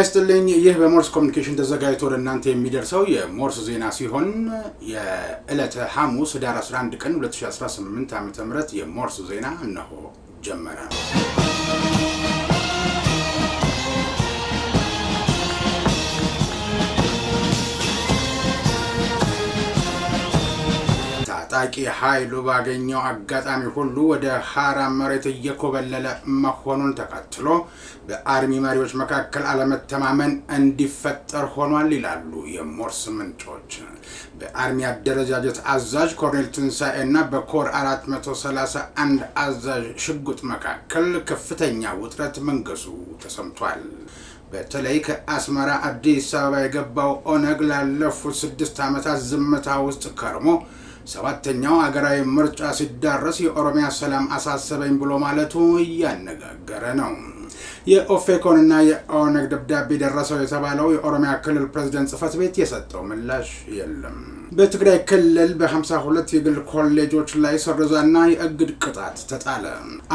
ይስጥልኝ። ይህ በሞርስ ኮሚኒኬሽን ተዘጋጅቶ ወደ እናንተ የሚደርሰው የሞርስ ዜና ሲሆን የዕለተ ሐሙስ ህዳር 11 ቀን 2018 ም የሞርስ ዜና እነሆ ጀመረ። ታጣቂ ኃይሉ ባገኘው አጋጣሚ ሁሉ ወደ ሀራ መሬት እየኮበለለ መሆኑን ተከትሎ በአርሚ መሪዎች መካከል አለመተማመን እንዲፈጠር ሆኗል ይላሉ የሞርስ ምንጮች። በአርሚ አደረጃጀት አዛዥ ኮርኔል ትንሣኤ እና በኮር 431 አዛዥ ሽጉጥ መካከል ከፍተኛ ውጥረት መንገሱ ተሰምቷል። በተለይ ከአስመራ አዲስ አበባ የገባው ኦነግ ላለፉት ስድስት ዓመታት ዝምታ ውስጥ ከርሞ ሰባተኛው አገራዊ ምርጫ ሲዳረስ የኦሮሚያ ሰላም አሳሰበኝ ብሎ ማለቱ እያነጋገረ ነው። የኦፌኮንና የኦነግ ደብዳቤ ደረሰው የተባለው የኦሮሚያ ክልል ፕሬዝደንት ጽህፈት ቤት የሰጠው ምላሽ የለም። በትግራይ ክልል በ52 የግል ኮሌጆች ላይ ሰረዛና የእግድ ቅጣት ተጣለ።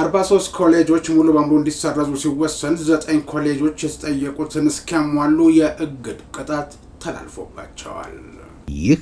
43 ኮሌጆች ሙሉ በሙሉ እንዲሰረዙ ሲወሰን ዘጠኝ ኮሌጆች የተጠየቁትን እስኪያሟሉ የእግድ ቅጣት ተላልፎባቸዋል። ይህ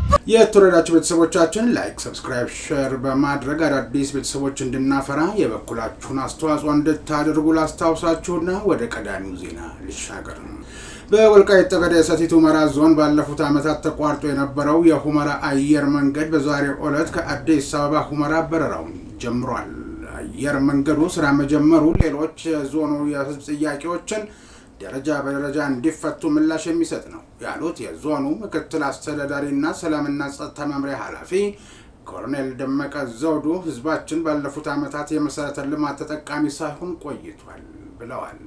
የተወረዳችሁ ቤተሰቦቻችን ላይክ፣ ሰብስክራይብ፣ ሸር በማድረግ አዳዲስ ቤተሰቦች እንድናፈራ የበኩላችሁን አስተዋጽኦ እንድታደርጉ ላስታውሳችሁና ወደ ቀዳሚው ዜና ልሻገር። በወልቃይት ጠገዴ ሰቲት ሁመራ ዞን ባለፉት ዓመታት ተቋርጦ የነበረው የሁመራ አየር መንገድ በዛሬው ዕለት ከአዲስ አበባ ሁመራ በረራውን ጀምሯል። አየር መንገዱ ስራ መጀመሩ ሌሎች የዞኑ የህዝብ ጥያቄዎችን ደረጃ በደረጃ እንዲፈቱ ምላሽ የሚሰጥ ነው ያሉት የዞኑ ምክትል አስተዳዳሪና ሰላምና ጸጥታ መምሪያ ኃላፊ ኮሎኔል ደመቀ ዘውዱ ህዝባችን ባለፉት ዓመታት የመሰረተ ልማት ተጠቃሚ ሳይሆን ቆይቷል ብለዋል።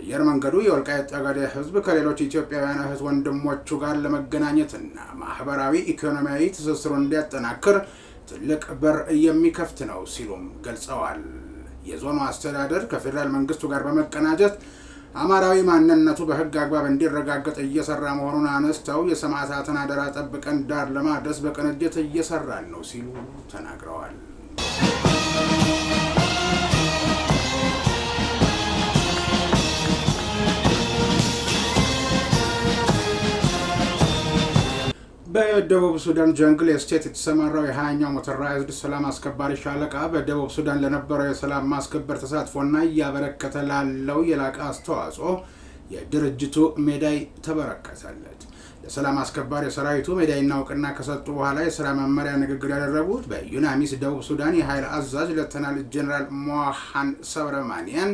አየር መንገዱ የወልቃይት ጠገዴ ህዝብ ከሌሎች ኢትዮጵያውያን እህት ወንድሞቹ ጋር ለመገናኘትና ማህበራዊ ኢኮኖሚያዊ ትስስሩን እንዲያጠናክር ትልቅ በር የሚከፍት ነው ሲሉም ገልጸዋል። የዞኑ አስተዳደር ከፌዴራል መንግስቱ ጋር በመቀናጀት አማራዊ ማንነቱ በህግ አግባብ እንዲረጋገጥ እየሰራ መሆኑን አነስተው የሰማዕታትን አደራ ጠብቀን ዳር ለማድረስ በቅንጅት እየሰራን ነው ሲሉ ተናግረዋል። በደቡብ ሱዳን ጀንግል ስቴት የተሰማራው የሀያኛው ሞተራይዝድ ሰላም አስከባሪ ሻለቃ በደቡብ ሱዳን ለነበረው የሰላም ማስከበር ተሳትፎና እያበረከተ ላለው የላቀ አስተዋጽኦ የድርጅቱ ሜዳይ ተበረከተለት። ለሰላም አስከባሪ ሰራዊቱ ሜዳይና እውቅና ከሰጡ በኋላ የስራ መመሪያ ንግግር ያደረጉት በዩናሚስ ደቡብ ሱዳን የኃይል አዛዥ ሌተናል ጄኔራል ሞሃን ሰብረማንያን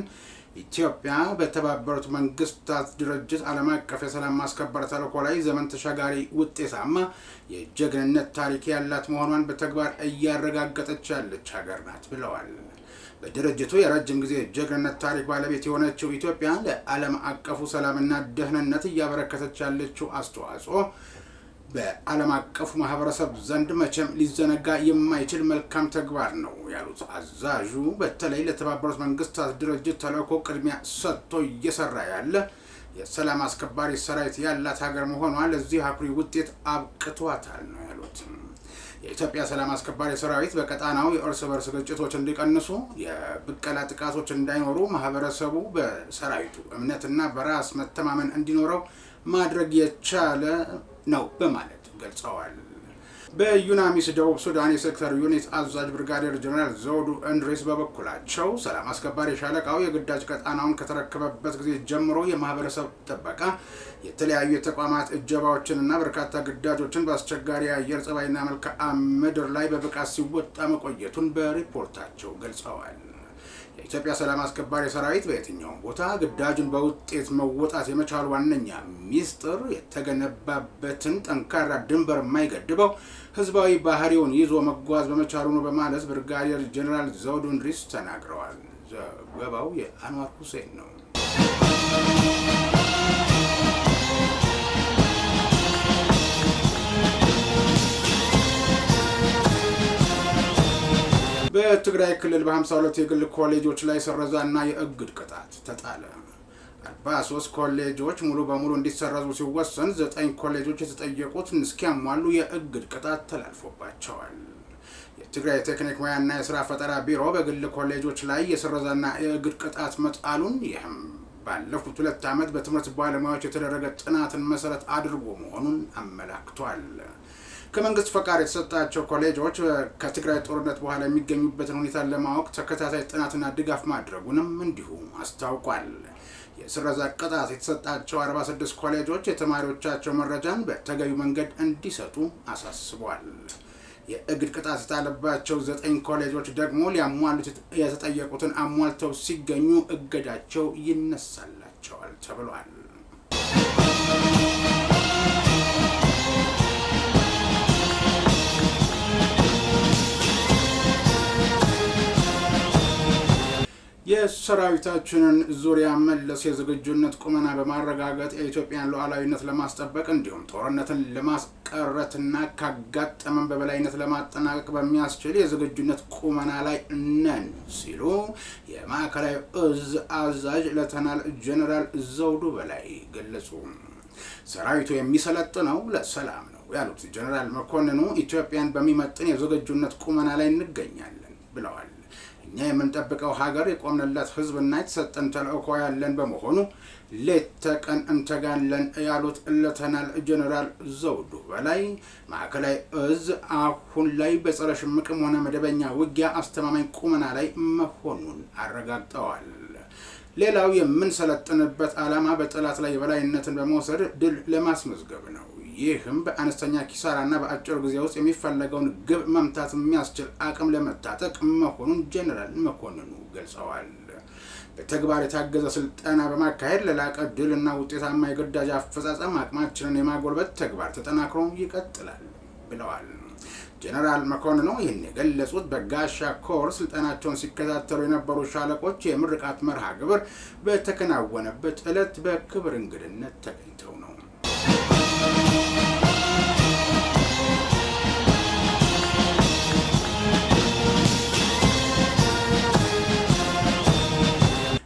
ኢትዮጵያ በተባበሩት መንግስታት ድርጅት ዓለም አቀፍ የሰላም ማስከበር ተልዕኮ ላይ ዘመን ተሻጋሪ ውጤታማ የጀግንነት ታሪክ ያላት መሆኗን በተግባር እያረጋገጠች ያለች ሀገር ናት ብለዋል። በድርጅቱ የረጅም ጊዜ ጀግንነት ታሪክ ባለቤት የሆነችው ኢትዮጵያ ለዓለም አቀፉ ሰላምና ደህንነት እያበረከተች ያለችው አስተዋጽኦ በዓለም አቀፉ ማህበረሰብ ዘንድ መቼም ሊዘነጋ የማይችል መልካም ተግባር ነው ያሉት አዛዡ በተለይ ለተባበሩት መንግስታት ድርጅት ተልዕኮ ቅድሚያ ሰጥቶ እየሰራ ያለ የሰላም አስከባሪ ሰራዊት ያላት ሀገር መሆኗ ለዚህ አኩሪ ውጤት አብቅቷታል ነው ያሉት። የኢትዮጵያ ሰላም አስከባሪ ሰራዊት በቀጣናው የእርስ በርስ ግጭቶች እንዲቀንሱ፣ የብቀላ ጥቃቶች እንዳይኖሩ፣ ማህበረሰቡ በሰራዊቱ እምነትና በራስ መተማመን እንዲኖረው ማድረግ የቻለ ነው በማለት ገልጸዋል። በዩናሚስ ደቡብ ሱዳን የሴክተር ዩኒት አዛዥ ብርጋዴር ጀኔራል ዘውዱ እንድሬስ በበኩላቸው ሰላም አስከባሪ ሻለቃው የግዳጅ ቀጣናውን ከተረከበበት ጊዜ ጀምሮ የማህበረሰብ ጥበቃ፣ የተለያዩ የተቋማት እጀባዎችንና በርካታ ግዳጆችን በአስቸጋሪ የአየር ጸባይና መልክዓ ምድር ላይ በብቃት ሲወጣ መቆየቱን በሪፖርታቸው ገልጸዋል። የኢትዮጵያ ሰላም አስከባሪ ሰራዊት በየትኛውም ቦታ ግዳጁን በውጤት መወጣት የመቻሉ ዋነኛ ሚስጥር የተገነባበትን ጠንካራ ድንበር የማይገድበው ህዝባዊ ባህሪውን ይዞ መጓዝ በመቻሉ ነው በማለት ብርጋዴር ጀኔራል ዘውዱን ሪስ ተናግረዋል። ዘገባው የአንዋር ሁሴን ነው። በትግራይ ክልል በ52 የግል ኮሌጆች ላይ ስረዛና የእግድ ቅጣት ተጣለ። 43 ኮሌጆች ሙሉ በሙሉ እንዲሰረዙ ሲወሰን ዘጠኝ ኮሌጆች የተጠየቁት እስኪያሟሉ የእግድ ቅጣት ተላልፎባቸዋል። የትግራይ ቴክኒክ ሙያና የስራ ፈጠራ ቢሮ በግል ኮሌጆች ላይ የስረዛና የእግድ ቅጣት መጣሉን ይህም ባለፉት ሁለት ዓመት በትምህርት ባለሙያዎች የተደረገ ጥናትን መሰረት አድርጎ መሆኑን አመላክቷል። ከመንግስት ፈቃድ የተሰጣቸው ኮሌጆች ከትግራይ ጦርነት በኋላ የሚገኙበትን ሁኔታ ለማወቅ ተከታታይ ጥናትና ድጋፍ ማድረጉንም እንዲሁ አስታውቋል። የስረዛ ቅጣት የተሰጣቸው 46 ኮሌጆች የተማሪዎቻቸው መረጃን በተገቢ መንገድ እንዲሰጡ አሳስቧል። የእግድ ቅጣት የጣለባቸው ዘጠኝ ኮሌጆች ደግሞ ሊያሟሉት የተጠየቁትን አሟልተው ሲገኙ እገዳቸው ይነሳላቸዋል ተብሏል። ሰራዊታችንን ዙሪያ መለስ የዝግጁነት ቁመና በማረጋገጥ የኢትዮጵያን ሉዓላዊነት ለማስጠበቅ እንዲሁም ጦርነትን ለማስቀረትና ካጋጠመን በበላይነት ለማጠናቀቅ በሚያስችል የዝግጁነት ቁመና ላይ ነን ሲሉ የማዕከላዊ እዝ አዛዥ ሌተናል ጄኔራል ዘውዱ በላይ ገለጹ። ሰራዊቱ የሚሰለጥነው ለሰላም ነው ያሉት ጄኔራል መኮንኑ ኢትዮጵያን በሚመጥን የዝግጁነት ቁመና ላይ እንገኛለን ብለዋል። እኛ የምንጠብቀው ሀገር የቆምንለት እና የተሰጠን ተልእኮ ያለን በመሆኑ ሌት ተቀን እንተጋለን ያሉት ሌተናል ጄኔራል ዘውዱ በላይ ማዕከላዊ እዝ አሁን ላይ በጸረ ሽምቅም ሆነ መደበኛ ውጊያ አስተማማኝ ቁመና ላይ መሆኑን አረጋግጠዋል። ሌላው የምንሰለጥንበት ዓላማ በጠላት ላይ የበላይነትን በመውሰድ ድል ለማስመዝገብ ነው። ይህም በአነስተኛ ኪሳራና በአጭር ጊዜ ውስጥ የሚፈለገውን ግብ መምታት የሚያስችል አቅም ለመታጠቅ መሆኑን ጄኔራል መኮንኑ ገልጸዋል። በተግባር የታገዘ ስልጠና በማካሄድ ለላቀ ድል እና ውጤታማ የግዳጅ አፈጻጸም አቅማችንን የማጎልበት ተግባር ተጠናክሮ ይቀጥላል ብለዋል። ጀነራል መኮንኑ ይህን የገለጹት በጋሻ ኮር ስልጠናቸውን ሲከታተሉ የነበሩ ሻለቆች የምርቃት መርሃ ግብር በተከናወነበት ዕለት በክብር እንግድነት ተገኝተው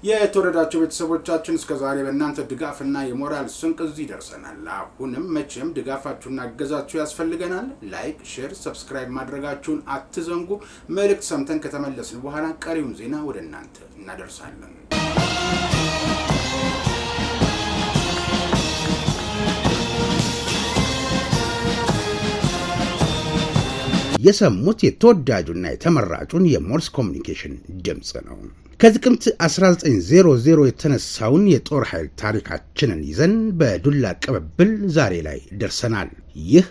የተወደዳቸው ቤተሰቦቻችን እስከ ዛሬ በእናንተ ድጋፍና የሞራል ስንቅ እዚህ ደርሰናል። አሁንም መቼም ድጋፋችሁና እገዛችሁ ያስፈልገናል። ላይክ፣ ሼር፣ ሰብስክራይብ ማድረጋችሁን አትዘንጉ። መልእክት ሰምተን ከተመለስን በኋላ ቀሪውን ዜና ወደ እናንተ እናደርሳለን። የሰሙት የተወዳጁና የተመራጩን የሞርስ ኮሚኒኬሽን ድምፅ ነው። ከጥቅምት 1900 የተነሳውን የጦር ኃይል ታሪካችንን ይዘን በዱላ ቅብብል ዛሬ ላይ ደርሰናል። ይህ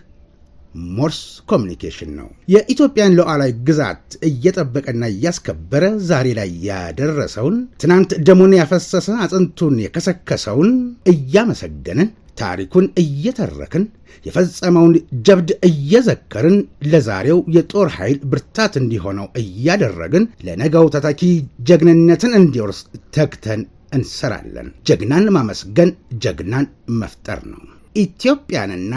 ሞርስ ኮሚኒኬሽን ነው። የኢትዮጵያን ሉዓላዊ ግዛት እየጠበቀና እያስከበረ ዛሬ ላይ ያደረሰውን፣ ትናንት ደሙን ያፈሰሰ አጥንቱን የከሰከሰውን እያመሰገንን ታሪኩን እየተረክን የፈጸመውን ጀብድ እየዘከርን ለዛሬው የጦር ኃይል ብርታት እንዲሆነው እያደረግን ለነገው ተተኪ ጀግንነትን እንዲወርስ ተግተን እንሰራለን። ጀግናን ማመስገን ጀግናን መፍጠር ነው። ኢትዮጵያንና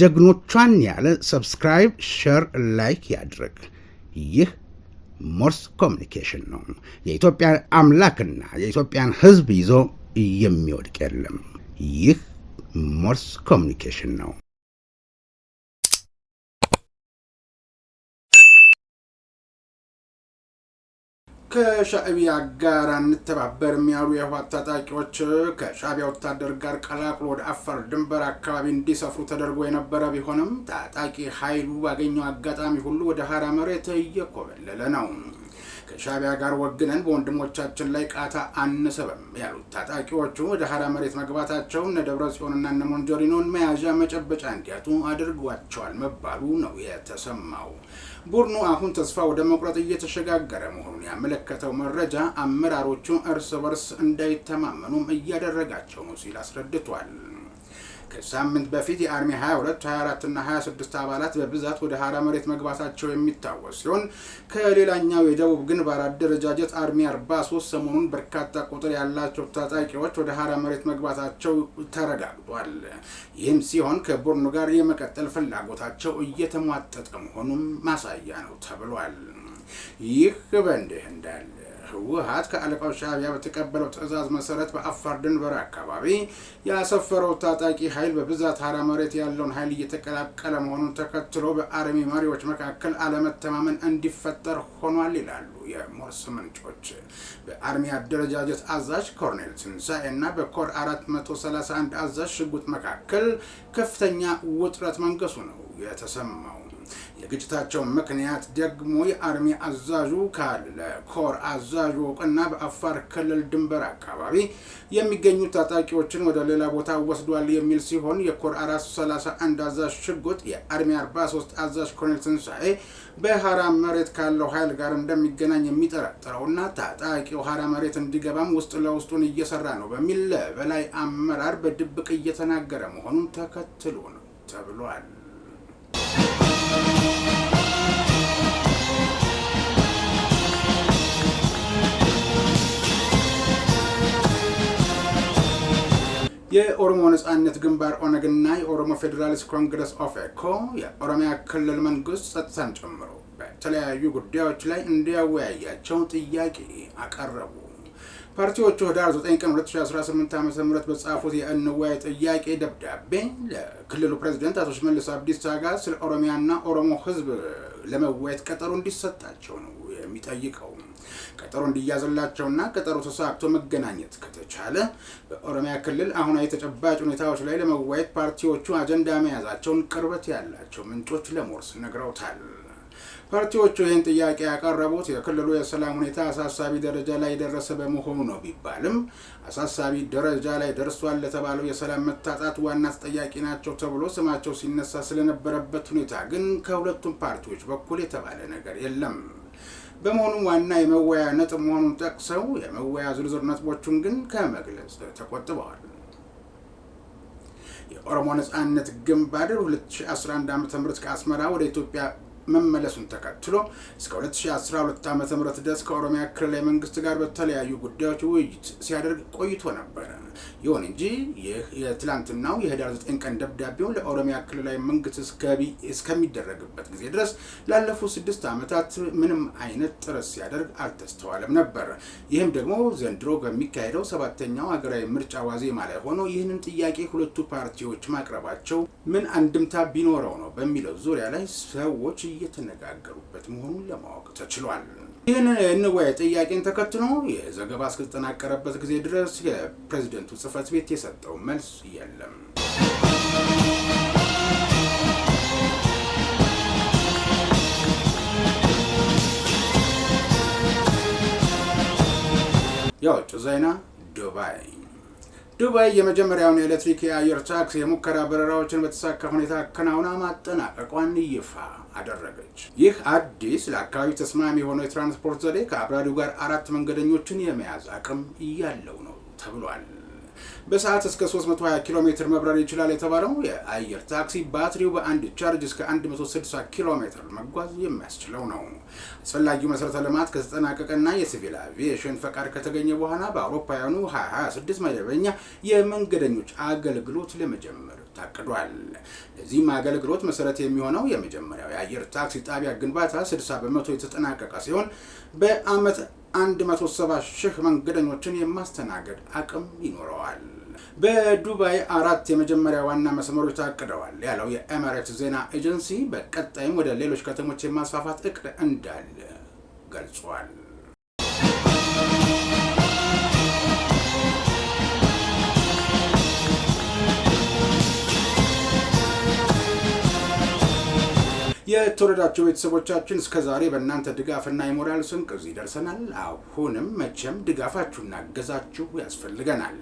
ጀግኖቿን ያለ ሰብስክራይብ፣ ሸር ላይክ ያድርግ። ይህ ሞርስ ኮሚኒኬሽን ነው። የኢትዮጵያን አምላክና የኢትዮጵያን ሕዝብ ይዞ የሚወድቅ የለም። ይህ ሞርስ ኮሚኒኬሽን ነው። ከሻዕቢያ ጋር አንተባበርም ያሉ የህወሓት ታጣቂዎች ከሻዕቢያ ወታደር ጋር ቀላቅሎ ወደ አፋር ድንበር አካባቢ እንዲሰፍሩ ተደርጎ የነበረ ቢሆንም ታጣቂ ኃይሉ ባገኘው አጋጣሚ ሁሉ ወደ ሀራ መሬት እየኮበለለ ነው። ከሻቢያ ጋር ወግነን በወንድሞቻችን ላይ ቃታ አንስብም ያሉት ታጣቂዎቹ ወደ ሀራ መሬት መግባታቸውን እነ ደብረ ጽዮንና እነ ሞንጆሪኖን መያዣ መጨበጫ እንዲያጡ አድርጓቸዋል መባሉ ነው የተሰማው። ቡድኑ አሁን ተስፋ ወደ መቁረጥ እየተሸጋገረ መሆኑን ያመለከተው መረጃ አመራሮቹ እርስ በርስ እንዳይተማመኑም እያደረጋቸው ነው ሲል አስረድቷል። ከሳምንት በፊት የአርሚ 22 24 እና 26 አባላት በብዛት ወደ ሀራ መሬት መግባታቸው የሚታወስ ሲሆን ከሌላኛው የደቡብ ግንባር አደረጃጀት አርሚ 43 ሰሞኑን በርካታ ቁጥር ያላቸው ታጣቂዎች ወደ ሀራ መሬት መግባታቸው ተረጋግጧል። ይህም ሲሆን ከቡርኑ ጋር የመቀጠል ፍላጎታቸው እየተሟጠጠ መሆኑም ማሳያ ነው ተብሏል። ይህ በእንዲህ እንዳለ ህወሀት ከአለቃው ሻቢያ በተቀበለው ትዕዛዝ መሰረት በአፋር ድንበር አካባቢ ያሰፈረው ታጣቂ ኃይል በብዛት ሀራ መሬት ያለውን ኃይል እየተቀላቀለ መሆኑን ተከትሎ በአርሚ መሪዎች መካከል አለመተማመን እንዲፈጠር ሆኗል ይላሉ የሞርስ ምንጮች። በአርሚ አደረጃጀት አዛዥ ኮርኔል ትንሳኤ እና በኮር 431 አዛዥ ሽጉጥ መካከል ከፍተኛ ውጥረት መንገሱ ነው የተሰማው። የግጭታቸው ምክንያት ደግሞ የአርሚ አዛዡ ካለ ኮር አዛዡ እውቅና በአፋር ክልል ድንበር አካባቢ የሚገኙ ታጣቂዎችን ወደ ሌላ ቦታ ወስዷል የሚል ሲሆን የኮር 431 አዛዥ ሽጉጥ የአርሚ 43 አዛዥ ኮሎኔል ትንሳኤ በሀራ መሬት ካለው ኃይል ጋር እንደሚገናኝ የሚጠረጥረውና ታጣቂው ሀራ መሬት እንዲገባም ውስጥ ለውስጡን እየሰራ ነው በሚል ለበላይ አመራር በድብቅ እየተናገረ መሆኑን ተከትሎ ነው ተብሏል። የኦሮሞ ነጻነት ግንባር ኦነግና የኦሮሞ ፌዴራሊስት ኮንግረስ ኦፌኮ የኦሮሚያ ክልል መንግስት ጸጥታን ጨምሮ በተለያዩ ጉዳዮች ላይ እንዲያወያያቸው ጥያቄ አቀረቡ። ፓርቲዎቹ ህዳር 9 ቀን 2018 ዓ ም በጻፉት የእንዋይ ጥያቄ ደብዳቤ ለክልሉ ፕሬዚደንት አቶ ሽመልስ አብዲሳ ጋር ስለ ኦሮሚያና ኦሮሞ ህዝብ ለመወያየት ቀጠሩ እንዲሰጣቸው ነው እንደሚጠይቀው ቀጠሮ እንዲያዝላቸውና ቀጠሮ ተሳክቶ መገናኘት ከተቻለ በኦሮሚያ ክልል አሁናዊ ተጨባጭ ሁኔታዎች ላይ ለመወያየት ፓርቲዎቹ አጀንዳ መያዛቸውን ቅርበት ያላቸው ምንጮች ለሞርስ ነግረውታል። ፓርቲዎቹ ይህን ጥያቄ ያቀረቡት የክልሉ የሰላም ሁኔታ አሳሳቢ ደረጃ ላይ የደረሰ በመሆኑ ነው ቢባልም አሳሳቢ ደረጃ ላይ ደርሷል ለተባለው የሰላም መታጣት ዋና ተጠያቂ ናቸው ተብሎ ስማቸው ሲነሳ ስለነበረበት ሁኔታ ግን ከሁለቱም ፓርቲዎች በኩል የተባለ ነገር የለም። በመሆኑም ዋና የመወያ ነጥብ መሆኑን ጠቅሰው የመወያ ዝርዝር ነጥቦቹን ግን ከመግለጽ ተቆጥበዋል። የኦሮሞ ነጻነት ግንባር 2011 ዓ ም ከአስመራ ወደ ኢትዮጵያ መመለሱን ተከትሎ እስከ 2012 ዓ ም ድረስ ከኦሮሚያ ክልላዊ መንግስት ጋር በተለያዩ ጉዳዮች ውይይት ሲያደርግ ቆይቶ ነበረ። ይሁን እንጂ ይህ የትላንትናው የህዳር 9 ቀን ደብዳቤው ለኦሮሚያ ክልላዊ መንግስት እስከሚደረግበት ጊዜ ድረስ ላለፉት ስድስት ዓመታት ምንም አይነት ጥረት ሲያደርግ አልተስተዋለም ነበር። ይህም ደግሞ ዘንድሮ በሚካሄደው ሰባተኛው ሀገራዊ ምርጫ ዋዜማ ላይ ሆኖ ይህንን ጥያቄ ሁለቱ ፓርቲዎች ማቅረባቸው ምን አንድምታ ቢኖረው ነው በሚለው ዙሪያ ላይ ሰዎች እየተነጋገሩበት መሆኑን ለማወቅ ተችሏል። ይህን እንወያይ ጥያቄን ተከትሎ የዘገባ እስከተጠናቀረበት ጊዜ ድረስ የፕሬዝደንቱ ጽህፈት ቤት የሰጠው መልስ የለም። የውጭ ዜና ዱባይ ዱባይ የመጀመሪያውን የኤሌክትሪክ የአየር ታክስ የሙከራ በረራዎችን በተሳካ ሁኔታ አከናውና ማጠናቀቋን ይፋ አደረገች። ይህ አዲስ ለአካባቢ ተስማሚ የሆነው የትራንስፖርት ዘዴ ከአብራሪው ጋር አራት መንገደኞችን የመያዝ አቅም እያለው ነው ተብሏል። በሰዓት እስከ 320 ኪሎ ሜትር መብረር ይችላል የተባለው የአየር ታክሲ ባትሪው በአንድ ቻርጅ እስከ 160 ኪሎ ሜትር መጓዝ የሚያስችለው ነው። አስፈላጊው መሰረተ ልማት ከተጠናቀቀና የሲቪል አቪዬሽን ፈቃድ ከተገኘ በኋላ በአውሮፓውያኑ 2026 መደበኛ የመንገደኞች አገልግሎት ለመጀመር ታቅዷል። ለዚህም አገልግሎት መሰረት የሚሆነው የመጀመሪያው የአየር ታክሲ ጣቢያ ግንባታ 60 በመቶ የተጠናቀቀ ሲሆን በአመት 170 ሺህ መንገደኞችን የማስተናገድ አቅም ይኖረዋል። በዱባይ አራት የመጀመሪያ ዋና መስመሮች ታቅደዋል ያለው የኤምሬት ዜና ኤጀንሲ በቀጣይም ወደ ሌሎች ከተሞች የማስፋፋት እቅድ እንዳለ ገልጿል። የተወደዳቸው ቤተሰቦቻችን እስከ ዛሬ በእናንተ ድጋፍና የሞራል ስንቅ እዚህ ደርሰናል። አሁንም መቼም ድጋፋችሁና እገዛችሁ ያስፈልገናል።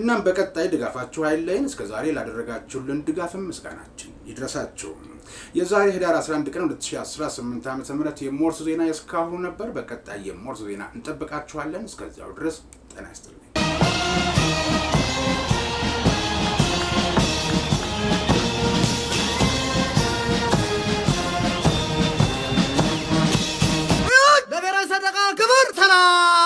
እናም በቀጣይ ድጋፋችሁ አይለይን። እስከ ዛሬ ላደረጋችሁልን ድጋፍም ምስጋናችን ይድረሳችሁ። የዛሬ ህዳር 11 ቀን 2018 ዓ ም የሞርስ ዜና የእስካሁኑ ነበር። በቀጣይ የሞርስ ዜና እንጠብቃችኋለን። እስከዚያው ድረስ ጤና ይስጥልኝ። Ta-da!